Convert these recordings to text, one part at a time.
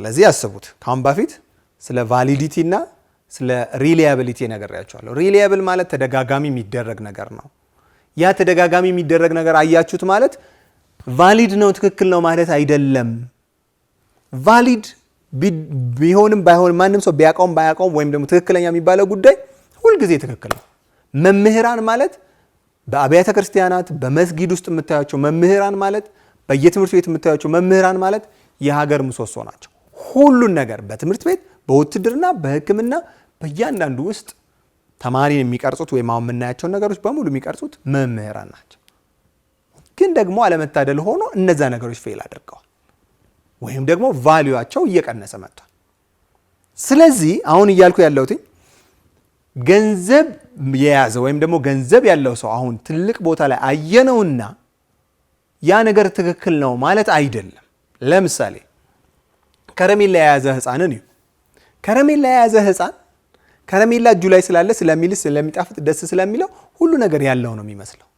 ስለዚህ ያስቡት። ካሁን በፊት ስለ ቫሊዲቲ እና ስለ ሪሊያብሊቲ ነግሬያቸዋለሁ። ሪሊያብል ማለት ተደጋጋሚ የሚደረግ ነገር ነው። ያ ተደጋጋሚ የሚደረግ ነገር አያችሁት ማለት ቫሊድ ነው ትክክል ነው ማለት አይደለም። ቫሊድ ቢሆንም ባይሆንም ማንም ሰው ቢያውቀውም ባያውቀውም ወይም ደግሞ ትክክለኛ የሚባለው ጉዳይ ሁልጊዜ ትክክል ነው። መምህራን ማለት በአብያተ ክርስቲያናት በመስጊድ ውስጥ የምታያቸው መምህራን ማለት በየትምህርት ቤት የምታያቸው መምህራን ማለት የሀገር ምሰሶ ናቸው። ሁሉን ነገር በትምህርት ቤት፣ በውትድርና፣ በሕክምና በእያንዳንዱ ውስጥ ተማሪን የሚቀርጹት ወይም አሁን የምናያቸውን ነገሮች በሙሉ የሚቀርጹት መምህራን ናቸው። ግን ደግሞ አለመታደል ሆኖ እነዛ ነገሮች ፌል አድርገዋል ወይም ደግሞ ቫሊዋቸው እየቀነሰ መጥቷል። ስለዚህ አሁን እያልኩ ያለሁትኝ ገንዘብ የያዘ ወይም ደግሞ ገንዘብ ያለው ሰው አሁን ትልቅ ቦታ ላይ አየነውና ያ ነገር ትክክል ነው ማለት አይደለም። ለምሳሌ ከረሜላ የያዘ ህፃንን እዩ። ከረሜላ የያዘ ህፃን ከረሜላ እጁ ላይ ስላለ ስለሚልስ ስለሚጣፍጥ ደስ ስለሚለው ሁሉ ነገር ያለው ነው የሚመስለው፣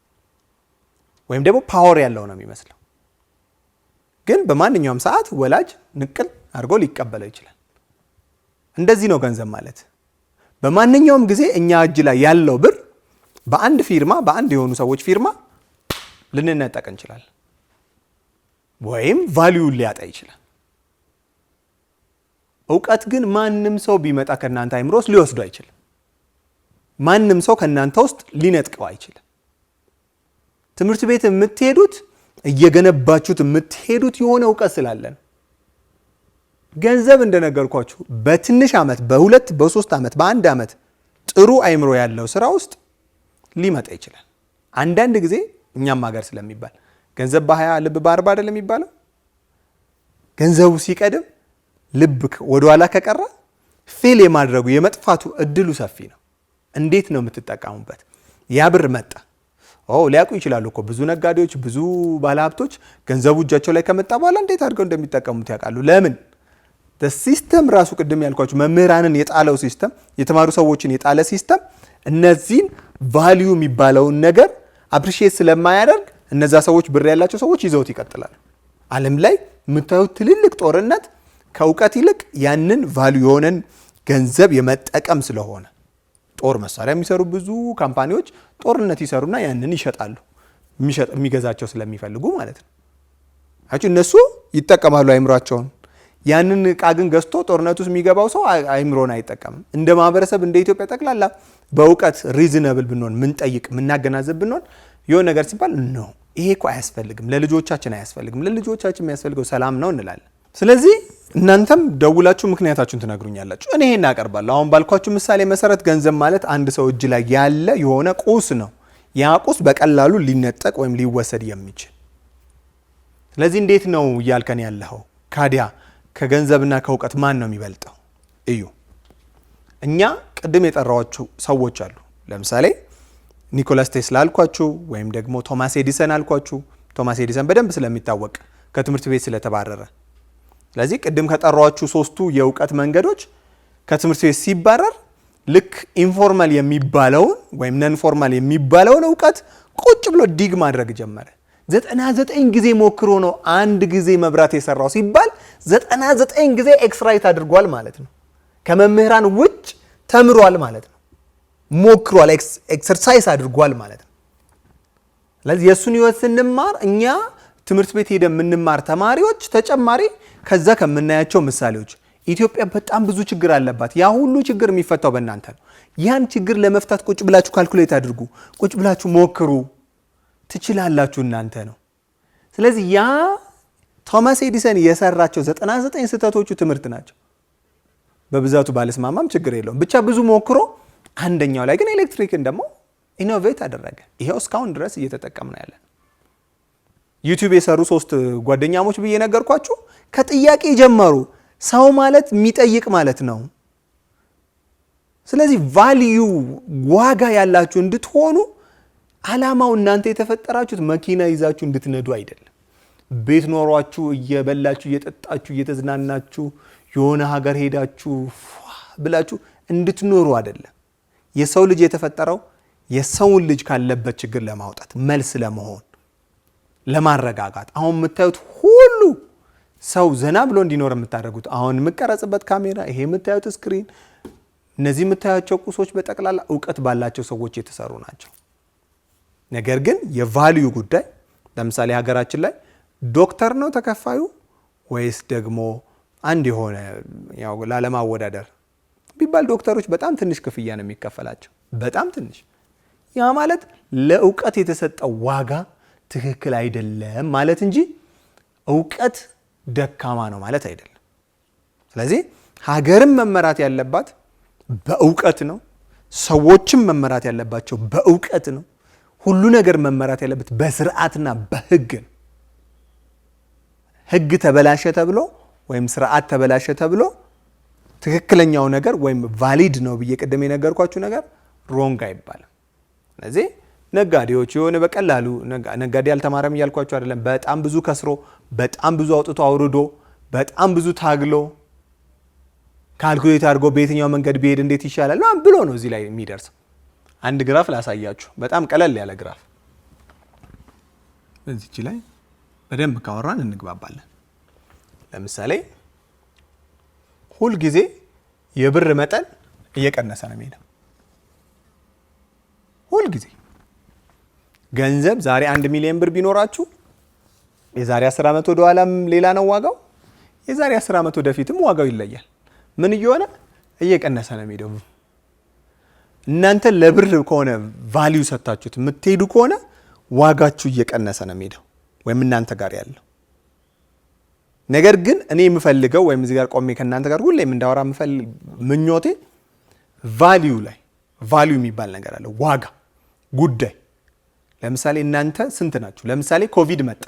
ወይም ደግሞ ፓወር ያለው ነው የሚመስለው። ግን በማንኛውም ሰዓት ወላጅ ንቅል አድርጎ ሊቀበለው ይችላል። እንደዚህ ነው ገንዘብ ማለት። በማንኛውም ጊዜ እኛ እጅ ላይ ያለው ብር በአንድ ፊርማ፣ በአንድ የሆኑ ሰዎች ፊርማ ልንነጠቅ እንችላለን፣ ወይም ቫሊዩን ሊያጣ ይችላል። እውቀት ግን ማንም ሰው ቢመጣ ከእናንተ አይምሮ ውስጥ ሊወስዱ አይችልም። ማንም ሰው ከእናንተ ውስጥ ሊነጥቀው አይችልም። ትምህርት ቤት የምትሄዱት እየገነባችሁት የምትሄዱት የሆነ እውቀት ስላለን። ገንዘብ እንደነገርኳችሁ በትንሽ ዓመት በሁለት በሶስት ዓመት በአንድ ዓመት ጥሩ አይምሮ ያለው ስራ ውስጥ ሊመጣ ይችላል። አንዳንድ ጊዜ እኛም ሀገር ስለሚባል ገንዘብ በሀያ ልብ በአርባ አይደል የሚባለው ገንዘቡ ሲቀድም ልብክ ወደኋላ ከቀረ ፌል የማድረጉ የመጥፋቱ እድሉ ሰፊ ነው። እንዴት ነው የምትጠቀሙበት? ያ ብር መጣ። ኦ ሊያውቁ ይችላሉ እኮ ብዙ ነጋዴዎች፣ ብዙ ባለሀብቶች ገንዘቡ እጃቸው ላይ ከመጣ በኋላ እንዴት አድርገው እንደሚጠቀሙት ያውቃሉ። ለምን ሲስተም ራሱ ቅድም ያልኳቸው መምህራንን የጣለው ሲስተም፣ የተማሩ ሰዎችን የጣለ ሲስተም እነዚህን ቫሊዩ የሚባለውን ነገር አፕሪሺየት ስለማያደርግ እነዛ ሰዎች ብር ያላቸው ሰዎች ይዘውት ይቀጥላሉ። ዓለም ላይ የምታዩት ትልልቅ ጦርነት ከእውቀት ይልቅ ያንን ቫልዩ የሆነን ገንዘብ የመጠቀም ስለሆነ ጦር መሳሪያ የሚሰሩ ብዙ ካምፓኒዎች ጦርነት ይሰሩና ያንን ይሸጣሉ፣ የሚገዛቸው ስለሚፈልጉ ማለት ነው። አጭ እነሱ ይጠቀማሉ አይምሯቸውን። ያንን እቃ ግን ገዝቶ ጦርነት ውስጥ የሚገባው ሰው አይምሮን አይጠቀምም። እንደ ማህበረሰብ እንደ ኢትዮጵያ ጠቅላላ በእውቀት ሪዝነብል ብንሆን ምንጠይቅ ምናገናዘብ ብንሆን የሆነ ነገር ሲባል ነው ይሄ እኮ አያስፈልግም፣ ለልጆቻችን አያስፈልግም፣ ለልጆቻችን የሚያስፈልገው ሰላም ነው እንላለን። ስለዚህ እናንተም ደውላችሁ ምክንያታችሁን ትነግሩኛላችሁ። እኔ ይሄን አቀርባለሁ። አሁን ባልኳችሁ ምሳሌ መሰረት ገንዘብ ማለት አንድ ሰው እጅ ላይ ያለ የሆነ ቁስ ነው። ያ ቁስ በቀላሉ ሊነጠቅ ወይም ሊወሰድ የሚችል ስለዚህ እንዴት ነው እያልከን ያለኸው? ካዲያ ከገንዘብና ከእውቀት ማን ነው የሚበልጠው? እዩ እኛ ቅድም የጠራዋችሁ ሰዎች አሉ። ለምሳሌ ኒኮላስ ቴስላ አልኳችሁ፣ ወይም ደግሞ ቶማስ ኤዲሰን አልኳችሁ። ቶማስ ኤዲሰን በደንብ ስለሚታወቅ ከትምህርት ቤት ስለተባረረ ስለዚህ ቅድም ከጠሯችሁ ሶስቱ የእውቀት መንገዶች ከትምህርት ቤት ሲባረር ልክ ኢንፎርማል የሚባለውን ወይም ነንፎርማል የሚባለውን እውቀት ቁጭ ብሎ ዲግ ማድረግ ጀመረ። ዘጠና ዘጠኝ ጊዜ ሞክሮ ነው አንድ ጊዜ መብራት የሰራው ሲባል 99 ጊዜ ኤክስራይት አድርጓል ማለት ነው። ከመምህራን ውጭ ተምሯል ማለት ነው። ሞክሯል፣ ኤክሰርሳይዝ አድርጓል ማለት ነው። ስለዚህ የእሱን ህይወት ስንማር እኛ ትምህርት ቤት ሄደ የምንማር ተማሪዎች ተጨማሪ ከዛ ከምናያቸው ምሳሌዎች ኢትዮጵያ በጣም ብዙ ችግር አለባት። ያ ሁሉ ችግር የሚፈታው በእናንተ ነው። ያን ችግር ለመፍታት ቁጭ ብላችሁ ካልኩሌት አድርጉ፣ ቁጭ ብላችሁ ሞክሩ። ትችላላችሁ፣ እናንተ ነው። ስለዚህ ያ ቶማስ ኤዲሰን የሰራቸው 99 ስህተቶቹ ትምህርት ናቸው። በብዛቱ ባለስማማም ችግር የለውም ብቻ ብዙ ሞክሮ አንደኛው ላይ ግን ኤሌክትሪክን ደግሞ ኢኖቬት አደረገ። ይኸው እስካሁን ድረስ እየተጠቀምነው ያለን ዩቲዩብ የሰሩ ሶስት ጓደኛሞች ብዬ ነገርኳችሁ። ከጥያቄ ጀመሩ። ሰው ማለት የሚጠይቅ ማለት ነው። ስለዚህ ቫልዩ ዋጋ ያላችሁ እንድትሆኑ አላማው እናንተ የተፈጠራችሁት መኪና ይዛችሁ እንድትነዱ አይደለም። ቤት ኖሯችሁ እየበላችሁ እየጠጣችሁ እየተዝናናችሁ የሆነ ሀገር ሄዳችሁ ብላችሁ እንድትኖሩ አይደለም። የሰው ልጅ የተፈጠረው የሰውን ልጅ ካለበት ችግር ለማውጣት መልስ ለመሆን ለማረጋጋት አሁን የምታዩት ሁሉ ሰው ዘና ብሎ እንዲኖር የምታደርጉት አሁን የምቀረጽበት ካሜራ፣ ይሄ የምታዩት ስክሪን፣ እነዚህ የምታያቸው ቁሶች በጠቅላላ እውቀት ባላቸው ሰዎች የተሰሩ ናቸው። ነገር ግን የቫልዩ ጉዳይ ለምሳሌ ሀገራችን ላይ ዶክተር ነው ተከፋዩ ወይስ ደግሞ አንድ የሆነ ያው ላለማወዳደር ቢባል ዶክተሮች በጣም ትንሽ ክፍያ ነው የሚከፈላቸው፣ በጣም ትንሽ። ያ ማለት ለእውቀት የተሰጠው ዋጋ ትክክል አይደለም ማለት እንጂ እውቀት ደካማ ነው ማለት አይደለም። ስለዚህ ሀገርም መመራት ያለባት በእውቀት ነው። ሰዎችም መመራት ያለባቸው በእውቀት ነው። ሁሉ ነገር መመራት ያለበት በስርዓትና በህግ ነው። ህግ ተበላሸ ተብሎ ወይም ስርዓት ተበላሸ ተብሎ ትክክለኛው ነገር ወይም ቫሊድ ነው ብዬ ቅድም የነገርኳችሁ ነገር ሮንግ አይባልም። ስለዚህ ነጋዴዎች የሆነ በቀላሉ ነጋዴ አልተማረም እያልኳቸው አይደለም። በጣም ብዙ ከስሮ በጣም ብዙ አውጥቶ አውርዶ በጣም ብዙ ታግሎ ካልኩሌት አድርጎ በየትኛው መንገድ ቢሄድ እንዴት ይሻላል ምናምን ብሎ ነው እዚህ ላይ የሚደርስ። አንድ ግራፍ ላሳያችሁ፣ በጣም ቀለል ያለ ግራፍ። በዚች ላይ በደንብ ካወራን እንግባባለን። ለምሳሌ ሁልጊዜ የብር መጠን እየቀነሰ ነው የሚሄደው ሁልጊዜ ገንዘብ ዛሬ አንድ ሚሊዮን ብር ቢኖራችሁ የዛሬ 10 ዓመት ወደ ኋላም ሌላ ነው ዋጋው፣ የዛሬ 10 ዓመት ወደፊትም ዋጋው ይለያል። ምን እየሆነ እየቀነሰ ነው የሚሄደው። እናንተ ለብር ከሆነ ቫሊዩ ሰጥታችሁት የምትሄዱ ከሆነ ዋጋችሁ እየቀነሰ ነው የሚሄደው ወይም እናንተ ጋር ያለው ነገር ግን እኔ የምፈልገው ወይም እዚህ ጋር ቆሜ ከእናንተ ጋር ሁሌም እንዳወራ ምኞቴ ቫሊዩ ላይ ቫሊዩ የሚባል ነገር አለ። ዋጋ ጉዳይ ለምሳሌ እናንተ ስንት ናችሁ? ለምሳሌ ኮቪድ መጣ።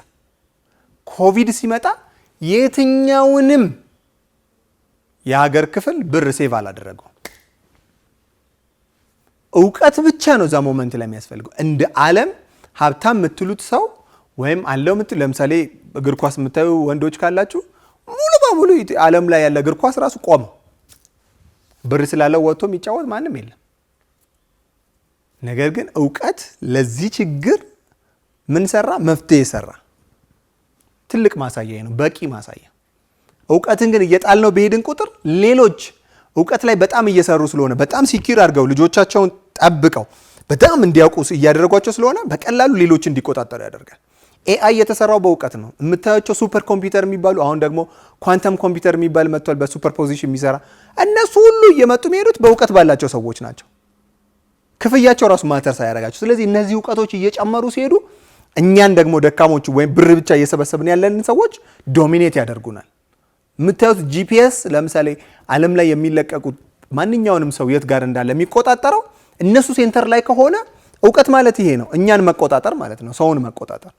ኮቪድ ሲመጣ የትኛውንም የሀገር ክፍል ብር ሴቭ አላደረገው። እውቀት ብቻ ነው እዛ ሞመንት ላይ የሚያስፈልገው። እንደ ዓለም ሀብታም የምትሉት ሰው ወይም አለው ምት ለምሳሌ እግር ኳስ የምታዩ ወንዶች ካላችሁ ሙሉ በሙሉ ዓለም ላይ ያለ እግር ኳስ ራሱ ቆመው ብር ስላለው ወጥቶ የሚጫወት ማንም የለም። ነገር ግን እውቀት ለዚህ ችግር ምን ሰራ? መፍትሄ ሰራ። ትልቅ ማሳያ ነው፣ በቂ ማሳያ። እውቀትን ግን እየጣልነው በሄድን ቁጥር ሌሎች እውቀት ላይ በጣም እየሰሩ ስለሆነ በጣም ሲኪር አድርገው ልጆቻቸውን ጠብቀው በጣም እንዲያውቁ እያደረጓቸው ስለሆነ በቀላሉ ሌሎች እንዲቆጣጠሩ ያደርጋል። ኤአይ የተሰራው በእውቀት ነው። የምታያቸው ሱፐር ኮምፒውተር የሚባሉ አሁን ደግሞ ኳንተም ኮምፒውተር የሚባል መጥቷል፣ በሱፐር ፖዚሽን የሚሰራ እነሱ ሁሉ እየመጡ የሚሄዱት በእውቀት ባላቸው ሰዎች ናቸው። ክፍያቸው ራሱ ማተር ሳያደርጋቸው። ስለዚህ እነዚህ እውቀቶች እየጨመሩ ሲሄዱ እኛን ደግሞ ደካሞቹ ወይም ብር ብቻ እየሰበሰብን ያለን ሰዎች ዶሚኔት ያደርጉናል። የምታዩት ጂፒኤስ ለምሳሌ ዓለም ላይ የሚለቀቁት ማንኛውንም ሰው የት ጋር እንዳለ የሚቆጣጠረው እነሱ ሴንተር ላይ ከሆነ እውቀት ማለት ይሄ ነው፣ እኛን መቆጣጠር ማለት ነው፣ ሰውን መቆጣጠር።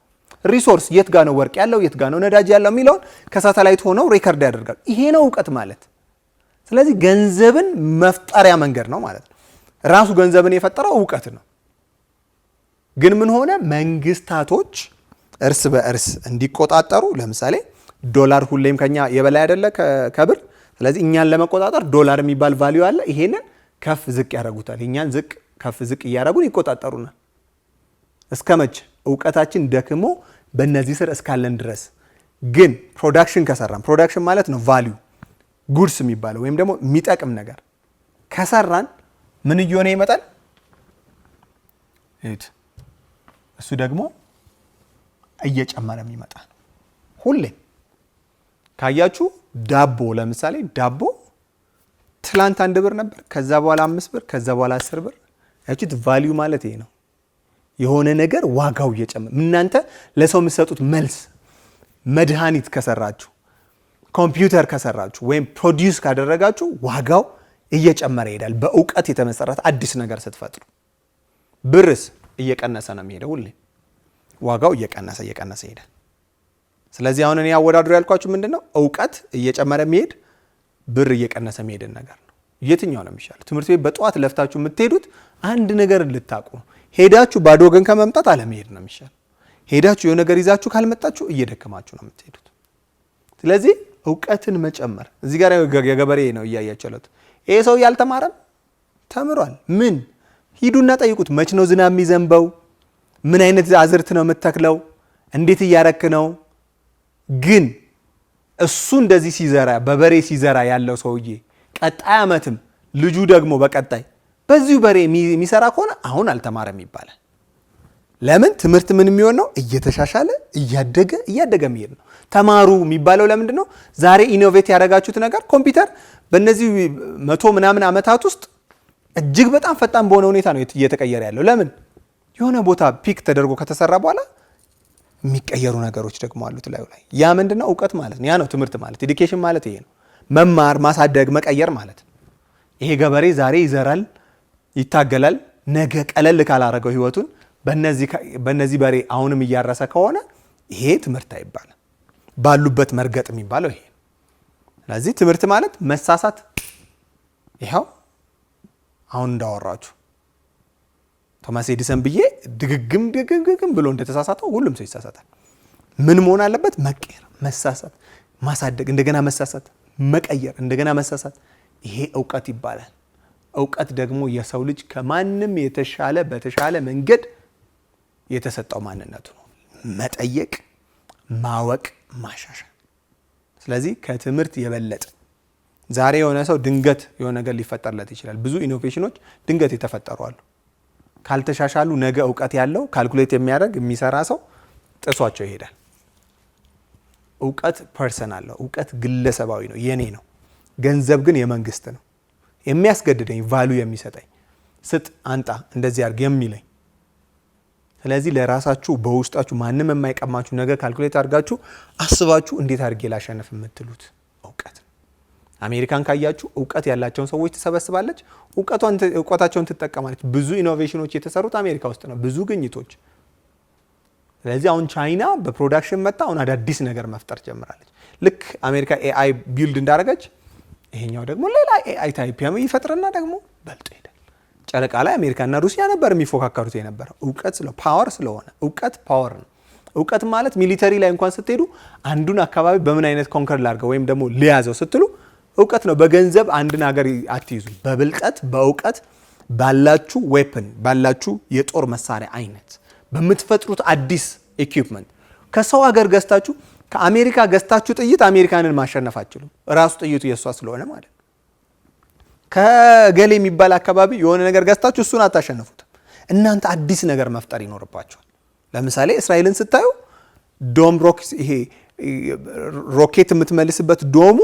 ሪሶርስ የት ጋ ነው ወርቅ ያለው የት ጋ ነው ነዳጅ ያለው የሚለውን ከሳተላይት ሆነው ሬከርድ ያደርጋሉ። ይሄ ነው እውቀት ማለት። ስለዚህ ገንዘብን መፍጠሪያ መንገድ ነው ማለት ነው። ራሱ ገንዘብን የፈጠረው እውቀት ነው። ግን ምን ሆነ? መንግስታቶች እርስ በእርስ እንዲቆጣጠሩ፣ ለምሳሌ ዶላር ሁሌም ከኛ የበላይ አይደለ ከብር። ስለዚህ እኛን ለመቆጣጠር ዶላር የሚባል ቫሊዩ አለ። ይሄንን ከፍ ዝቅ ያደርጉታል። እኛን ዝቅ ከፍ ዝቅ እያደረጉን ይቆጣጠሩናል። እስከ መቼ? እውቀታችን ደክሞ በእነዚህ ስር እስካለን ድረስ ግን ፕሮዳክሽን ከሰራን ፕሮዳክሽን ማለት ነው ቫሊዩ ጉድስ የሚባለው ወይም ደግሞ የሚጠቅም ነገር ከሰራን ምን እየሆነ ይመጣል? እሱ ደግሞ እየጨመረ የሚመጣ ሁሌም ካያችሁ ዳቦ ለምሳሌ ዳቦ ትላንት አንድ ብር ነበር። ከዛ በኋላ አምስት ብር፣ ከዛ በኋላ አስር ብር። ያችሁት ቫሊዩ ማለት ይሄ ነው። የሆነ ነገር ዋጋው እየጨመረ እናንተ ለሰው የምትሰጡት መልስ መድኃኒት ከሰራችሁ ኮምፒውተር ከሰራችሁ ወይም ፕሮዲውስ ካደረጋችሁ ዋጋው እየጨመረ ይሄዳል። በእውቀት የተመሰረተ አዲስ ነገር ስትፈጥሩ። ብርስ እየቀነሰ ነው የሚሄደው፣ ሁሌ ዋጋው እየቀነሰ እየቀነሰ ይሄዳል። ስለዚህ አሁን እኔ አወዳድሩ ያልኳችሁ ምንድን ነው? እውቀት እየጨመረ የሚሄድ ብር እየቀነሰ የሚሄድን ነገር ነው። የትኛው ነው የሚሻል? ትምህርት ቤት በጠዋት ለፍታችሁ የምትሄዱት አንድ ነገር ልታቁ ሄዳችሁ ባዶ ወገን ከመምጣት አለመሄድ ነው የሚሻል። ሄዳችሁ የሆነ ነገር ይዛችሁ ካልመጣችሁ እየደከማችሁ ነው የምትሄዱት። ስለዚህ እውቀትን መጨመር እዚህ ጋር የገበሬ ነው እያያቸለት ይሄ ሰው ያልተማረም ተምሯል። ምን ሂዱና ጠይቁት። መች ነው ዝናብ የሚዘንበው? ምን አይነት አዝርት ነው የምትተክለው እንዴት እያረክ ነው? ግን እሱ እንደዚህ ሲዘራ በበሬ ሲዘራ ያለው ሰውዬ ቀጣይ ዓመትም ልጁ ደግሞ በቀጣይ በዚሁ በሬ የሚሰራ ከሆነ አሁን አልተማረም ይባላል። ለምን ትምህርት ምን የሚሆን ነው? እየተሻሻለ እያደገ እያደገ የሚሄድ ነው። ተማሩ የሚባለው ለምንድን ነው? ዛሬ ኢኖቬት ያደረጋችሁት ነገር ኮምፒውተር በእነዚህ መቶ ምናምን ዓመታት ውስጥ እጅግ በጣም ፈጣን በሆነ ሁኔታ ነው እየተቀየረ ያለው። ለምን የሆነ ቦታ ፒክ ተደርጎ ከተሰራ በኋላ የሚቀየሩ ነገሮች ደግሞ አሉት ላዩ ላይ። ያ ምንድነው? እውቀት ማለት ነው። ያ ነው ትምህርት ማለት ኤዲኬሽን ማለት ይሄ ነው። መማር፣ ማሳደግ፣ መቀየር ማለት ነው። ይሄ ገበሬ ዛሬ ይዘራል፣ ይታገላል። ነገ ቀለል ካላረገው ህይወቱን በእነዚህ በሬ አሁንም እያረሰ ከሆነ ይሄ ትምህርት አይባልም። ባሉበት መርገጥ የሚባለው ይሄ ስለዚህ ትምህርት ማለት መሳሳት ይኸው አሁን እንዳወራችሁ ቶማስ ኤዲሰን ብዬ ድግግም ድግግም ብሎ እንደተሳሳተው ሁሉም ሰው ይሳሳታል። ምን መሆን አለበት? መቀየር፣ መሳሳት፣ ማሳደግ፣ እንደገና መሳሳት፣ መቀየር፣ እንደገና መሳሳት። ይሄ እውቀት ይባላል። እውቀት ደግሞ የሰው ልጅ ከማንም የተሻለ በተሻለ መንገድ የተሰጠው ማንነቱ ነው። መጠየቅ፣ ማወቅ፣ ማሻሻል ስለዚህ ከትምህርት የበለጠ ዛሬ የሆነ ሰው ድንገት የሆነ ነገር ሊፈጠርለት ይችላል። ብዙ ኢኖቬሽኖች ድንገት የተፈጠሩ አሉ። ካልተሻሻሉ ነገ እውቀት ያለው ካልኩሌት የሚያደርግ የሚሰራ ሰው ጥሷቸው ይሄዳል። እውቀት ፐርሰናል ነው። እውቀት ግለሰባዊ ነው፣ የኔ ነው። ገንዘብ ግን የመንግስት ነው። የሚያስገድደኝ ቫሉ የሚሰጠኝ ስጥ፣ አንጣ፣ እንደዚህ አድርግ የሚለኝ ስለዚህ ለራሳችሁ በውስጣችሁ ማንም የማይቀማችሁ ነገር ካልኩሌት አድርጋችሁ አስባችሁ እንዴት አድርጌ ላሸንፍ የምትሉት እውቀት ነው። አሜሪካን ካያችሁ እውቀት ያላቸውን ሰዎች ትሰበስባለች፣ እውቀታቸውን ትጠቀማለች። ብዙ ኢኖቬሽኖች የተሰሩት አሜሪካ ውስጥ ነው፣ ብዙ ግኝቶች። ስለዚህ አሁን ቻይና በፕሮዳክሽን መጣ፣ አሁን አዳዲስ ነገር መፍጠር ጀምራለች። ልክ አሜሪካ ኤአይ ቢልድ እንዳደረገች ይሄኛው ደግሞ ሌላ ኤአይ ታይፕ ይፈጥርና ደግሞ በልጦ ጨረቃ ላይ አሜሪካና ሩሲያ ነበር የሚፎካከሩት የነበረው እውቀት ስለ ፓወር ስለሆነ እውቀት ፓወር ነው። እውቀት ማለት ሚሊተሪ ላይ እንኳን ስትሄዱ አንዱን አካባቢ በምን አይነት ኮንከር ላድርገው ወይም ደግሞ ሊያዘው ስትሉ እውቀት ነው። በገንዘብ አንድን ሀገር አትይዙ። በብልጠት በእውቀት ባላችሁ ዌፕን ባላችሁ የጦር መሳሪያ አይነት በምትፈጥሩት አዲስ ኢኩፕመንት ከሰው ሀገር ገዝታችሁ ከአሜሪካ ገዝታችሁ ጥይት አሜሪካንን ማሸነፍ አችሉም። ራሱ ጥይቱ የእሷ ስለሆነ ማለት ነው። ከገሌ የሚባል አካባቢ የሆነ ነገር ገዝታችሁ እሱን አታሸንፉትም። እናንተ አዲስ ነገር መፍጠር ይኖርባቸዋል። ለምሳሌ እስራኤልን ስታዩ ዶም ይሄ ሮኬት የምትመልስበት ዶሙ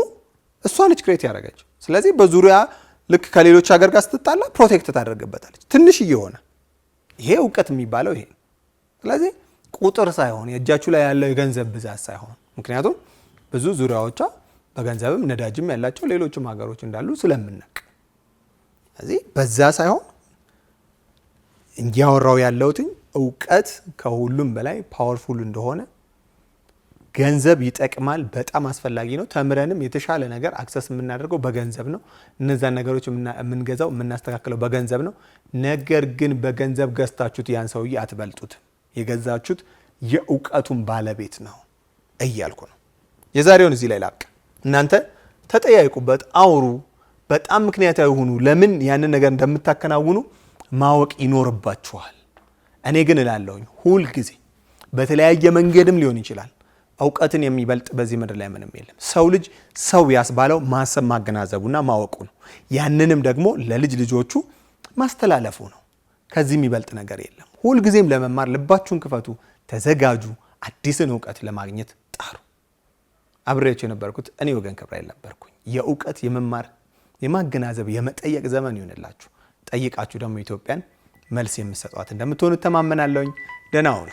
እሷ ነች ክሬት ያደረገችው። ስለዚህ በዙሪያ ልክ ከሌሎች ሀገር ጋር ስትጣላ ፕሮቴክት ታደርግበታለች። ትንሽ እየሆነ ይሄ እውቀት የሚባለው ይሄ። ስለዚህ ቁጥር ሳይሆን የእጃችሁ ላይ ያለው የገንዘብ ብዛት ሳይሆን ምክንያቱም ብዙ ዙሪያዎቿ በገንዘብም ነዳጅም ያላቸው ሌሎችም ሀገሮች እንዳሉ ስለምናል ስለዚህ በዛ ሳይሆን እንዲያወራው ያለውትኝ እውቀት ከሁሉም በላይ ፓወርፉል እንደሆነ ገንዘብ ይጠቅማል፣ በጣም አስፈላጊ ነው። ተምረንም የተሻለ ነገር አክሰስ የምናደርገው በገንዘብ ነው። እነዛን ነገሮች የምንገዛው የምናስተካክለው በገንዘብ ነው። ነገር ግን በገንዘብ ገዝታችሁት ያን ሰውዬ አትበልጡት። የገዛችሁት የእውቀቱን ባለቤት ነው እያልኩ ነው። የዛሬውን እዚህ ላይ ላብቅ። እናንተ ተጠያይቁበት፣ አውሩ። በጣም ምክንያታዊ ሁኑ። ለምን ያንን ነገር እንደምታከናውኑ ማወቅ ይኖርባችኋል። እኔ ግን እላለሁኝ ሁል ጊዜ በተለያየ መንገድም ሊሆን ይችላል። እውቀትን የሚበልጥ በዚህ ምድር ላይ ምንም የለም። ሰው ልጅ ሰው ያስባለው ማሰብ ማገናዘቡና ማወቁ ነው። ያንንም ደግሞ ለልጅ ልጆቹ ማስተላለፉ ነው። ከዚህ የሚበልጥ ነገር የለም። ሁልጊዜም ለመማር ልባችሁን ክፈቱ፣ ተዘጋጁ፣ አዲስን እውቀት ለማግኘት ጣሩ። አብሬያቸው የነበርኩት እኔ ወገን ክብራኤል ነበርኩኝ። የእውቀት የመማር የማገናዘብ የመጠየቅ ዘመን ይሆንላችሁ። ጠይቃችሁ ደግሞ ኢትዮጵያን መልስ የምሰጧት እንደምትሆኑ ተማመናለሁኝ። ደህና ሁኑ።